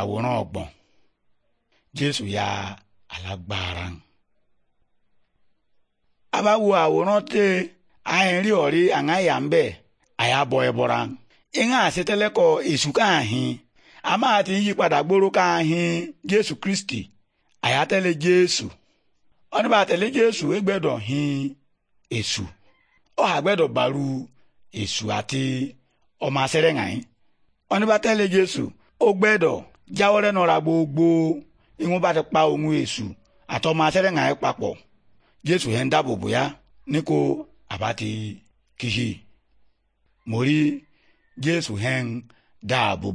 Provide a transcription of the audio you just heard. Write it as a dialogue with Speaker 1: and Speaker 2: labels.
Speaker 1: àwòrán ọ̀gbọ̀n jésù ya alágbára ń. a bá wo àwòrán tẹ àìrí ọ̀rí àǹgáyà ń bẹ̀ àyàbọ̀ ẹ̀bọ̀ra ìhàn àṣetẹ́lẹ́kọ̀ èṣù káàhín a máa ti ń yí padà gbóró káàhín jésù kristi àyàtẹ́lẹ̀ jésù ọ̀nìbà àtẹ̀lé jésù ẹgbẹ́dọ̀ hin èṣù ọ̀hà gbẹ́dọ̀ bàrú èṣù àti ọmọ asẹ́rẹ́ǹgáyín ọ̀nìbà tẹ́lẹ̀ jésù ó gbẹ́dọ̀ jáwọ́ lẹ́nu ra gbogbo ìwọ̀n bá ti pa ohun èṣù àtọmọ atẹ́rẹ̀ǹgà yẹn papọ̀ jésù yẹn ń dáàbò bóyá ní ko àbá ti kìí rí jésù yẹn ń dáàbò